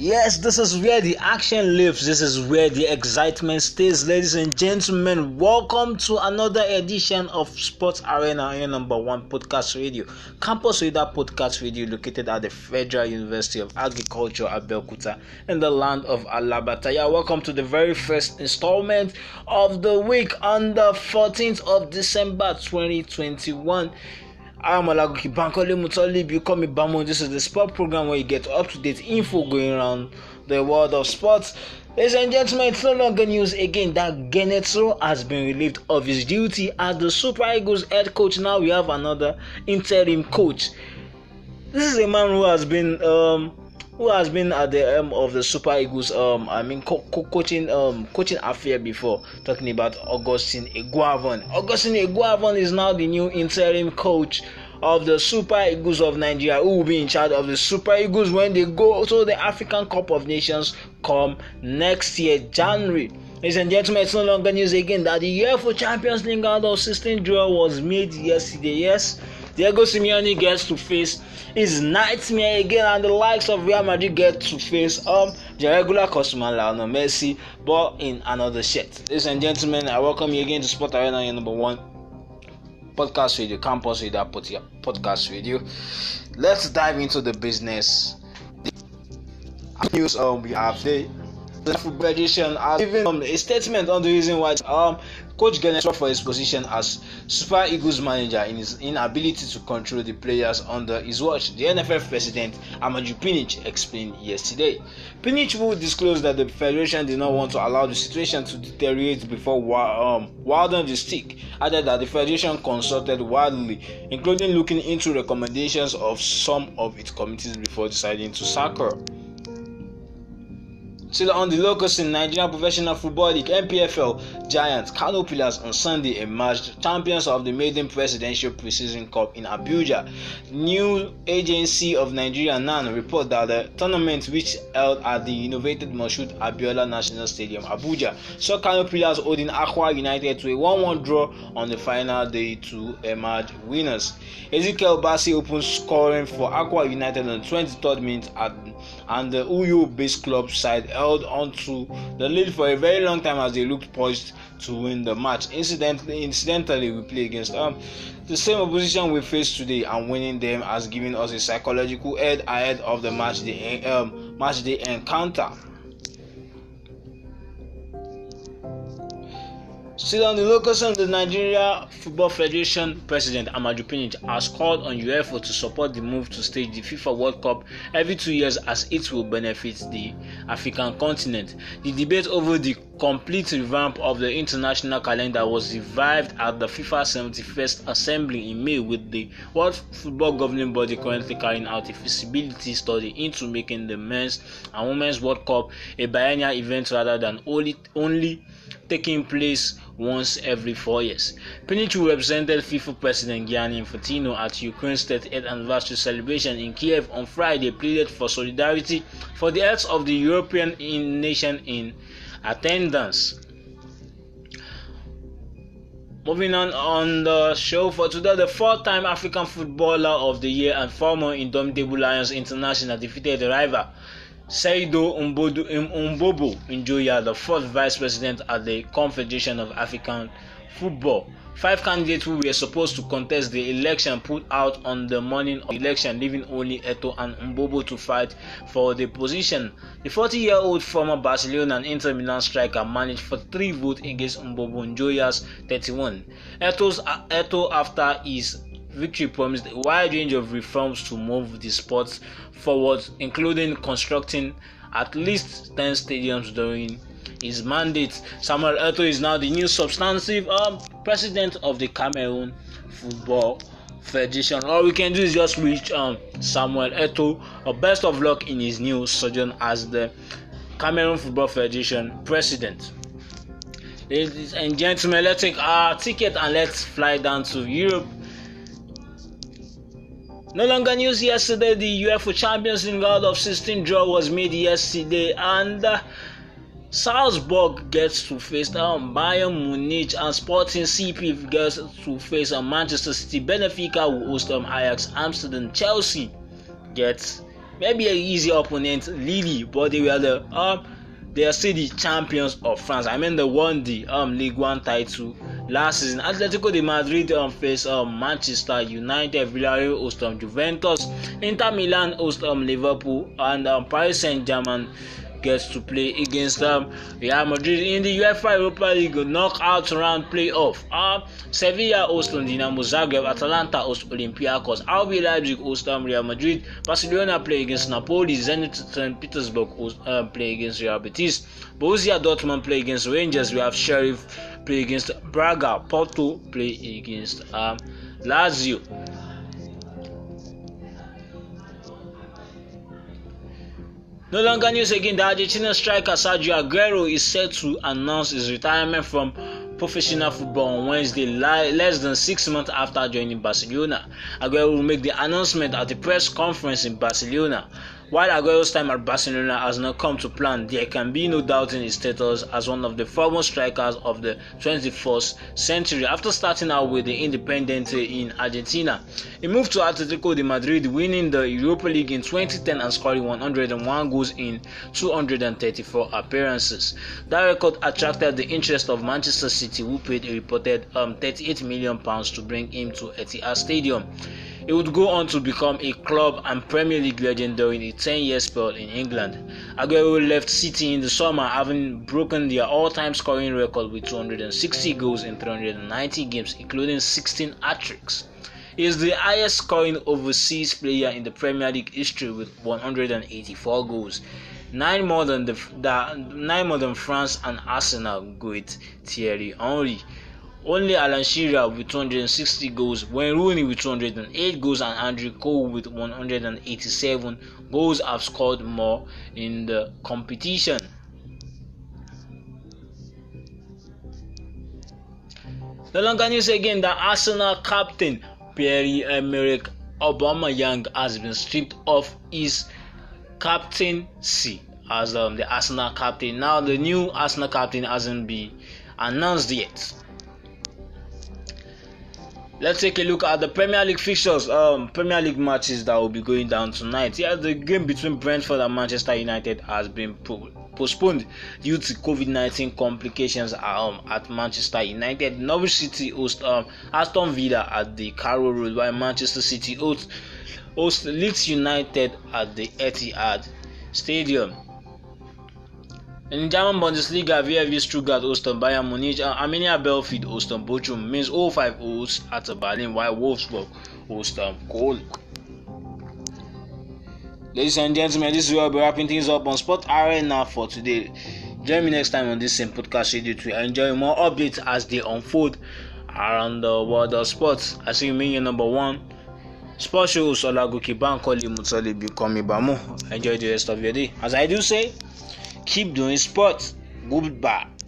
Yes, this is where the action lives. This is where the excitement stays. Ladies and gentlemen, welcome to another edition of Sports Arena, your number one podcast radio. Campus Radar Podcast Radio, located at the Federal University of Agriculture, Abeokuta, in the land of Alabataya. Welcome to the very first installment of the week on the 14th of December 2021. I'm Alagoki Bankole Mutolib. You call me Bamo. This is the sport program where you get up to date info going around the world of sports. Ladies and gentlemen, it's no longer news again that Genetso has been relieved of his duty as the Super Eagles head coach. Now we have another interim coach. This is a man who has been um, who has been at the helm of the Super Eagles. Um, I mean, co- co- coaching um coaching affair before talking about Augustine Iguavon. Augustine Iguavon is now the new interim coach of the Super Eagles of Nigeria, who will be in charge of the Super Eagles when they go to the African Cup of Nations come next year, January. Ladies and gentlemen, it's no longer news again that the year for Champions League round of 16 draw was made yesterday. Yes, Diego Simeone gets to face his nightmare again, and the likes of Real Madrid get to face um the regular customer Lionel Messi, but in another shirt. Ladies and gentlemen, I welcome you again to Sport Arena, your number one podcast with radio, campus radio, podcast with you. Let's dive into the business. The news um, we have today the Federation has given um, a statement on the reason why um, Coach Gennett for his position as Super Eagles manager in his inability to control the players under his watch. The NFF president Amaju Pinich explained yesterday. Pinich will disclose that the federation did not want to allow the situation to deteriorate before um, Wilden the stick, added that the federation consulted widely, including looking into recommendations of some of its committees before deciding to sack her. Still on the locus in Nigerian Professional Football League (NPFL), Giants Kano Pillars on Sunday emerged champions of the maiden Presidential Preseason Cup in Abuja. New Agency of Nigeria (NAN) report that the tournament, which held at the renovated Moshood Abiola National Stadium, Abuja, saw Kano Pillars holding Aqua United to a 1-1 draw on the final day to emerge winners. Ezekiel Bassi opened scoring for Aqua United on the 23rd minute at, and the Uyo-based club side held on to the lead for a very long time as they looked poised to win the match. Incidentally, incidentally we play against um, the same opposition we face today, and winning them has given us a psychological edge ahead of the match they um, match they encounter. Still on the local scene, the Nigeria Football Federation president Amadou Pinich has called on UEFA to support the move to stage the FIFA World Cup every two years as it will benefit the African continent. The debate over the complete revamp of the international calendar was revived at the FIFA 71st Assembly in May, with the World Football Governing Body currently carrying out a feasibility study into making the Men's and Women's World Cup a biennial event rather than only, only taking place once every four years. Pinichu represented FIFA President Gianni Infantino at Ukraine's 38th anniversary celebration in Kiev on Friday, pleaded for solidarity for the health of the European nation in attendance. Moving on on the show for today, the four-time African Footballer of the Year and former Indomitable Lions international defeated the rival Seido um, Mbobo Njoya, the fourth vice president at the Confederation of African Football. Five candidates who were supposed to contest the election put out on the morning of the election, leaving only Eto and Mbobo to fight for the position. The 40-year-old former Barcelona and Inter Milan striker managed for three votes against Mbobo Njoya's 31. Eto's, uh, Eto, after his Victory promised a wide range of reforms to move the sport forward, including constructing at least 10 stadiums during his mandate. Samuel Eto is now the new substantive um, president of the Cameroon Football Federation. All we can do is just wish um, Samuel Eto. a uh, best of luck in his new sojourn as the Cameroon Football Federation president. Ladies and gentlemen, let's take our ticket and let's fly down to Europe no longer news yesterday, the UEFA Champions League round of 16 draw was made yesterday, and uh, Salzburg gets to face um, Bayern Munich, and Sporting CP gets to face um, Manchester City. Benfica will host um, Ajax Amsterdam. Chelsea gets maybe an easy opponent, Lille, but they were the um, they are still the champions of France. I mean, they won the um League One title Last season, Atletico de Madrid um, faced um, Manchester United, Villarreal host um, Juventus, Inter Milan host um, Liverpool, and um, Paris Saint-Germain gets to play against um, Real Madrid in the UEFA Europa League knockout round playoff. Um, Sevilla host um, Dinamo Zagreb, Atalanta host Olympiacos, RB Leipzig host um, Real Madrid, Barcelona play against Napoli, Zenit St. Petersburg host, um, play against Real Betis, Borussia Dortmund play against Rangers. We have Sheriff play against Braga, Porto play against um, Lazio. No longer news again, the Argentina striker Sergio Aguero is set to announce his retirement from professional football on Wednesday, less than six months after joining Barcelona. Aguero will make the announcement at a press conference in Barcelona. While Aguero's time at Barcelona has not come to plan, there can be no doubt in his status as one of the foremost strikers of the 21st century. After starting out with the Independiente in Argentina, he moved to Atletico de Madrid, winning the Europa League in 2010 and scoring 101 goals in 234 appearances. That record attracted the interest of Manchester City, who paid a reported um, 38 million pounds to bring him to Etihad Stadium. He would go on to become a club and Premier League legend during a 10 year spell in England. Aguero left City in the summer having broken their all time scoring record with 260 goals in 390 games, including 16 hat tricks. He is the highest scoring overseas player in the Premier League history with 184 goals, nine more than, the, the nine more than France and Arsenal great Thierry Henry. Only Alan Shearer with 260 goals, Wayne Rooney with 208 goals, and Andrew Cole with 187 goals have scored more in the competition. The longer news again that Arsenal captain Pierre-Emerick Aubameyang has been stripped of his captaincy as um, the Arsenal captain. Now the new Arsenal captain hasn't been announced yet let's take a look at the Premier League fixtures, um, Premier League matches that will be going down tonight. Yeah, the game between Brentford and Manchester United has been pulled postponed due to COVID-19 complications um, at Manchester United. Norwich City host um, Aston Villa at the Carroll Road, while Manchester City host, host Leeds United at the Etihad Stadium. In German Bundesliga, VfB Stuttgart hosted Bayern Munich and Arminia Bielefeld hosted Bochum. Means 05 hosts at Berlin while Wolfsburg hosted Cologne. Ladies and gentlemen, this is where we'll be wrapping things up on Sport Arena for today. Join me next time on this same podcast schedule to enjoy more updates as they unfold around the world of sports. I see you mean your number one. Sports shows Olagoki Bankoli Mutoli Bikomi Bamu. Enjoy the rest of your day. As I do say, keep doing sports. Goodbye.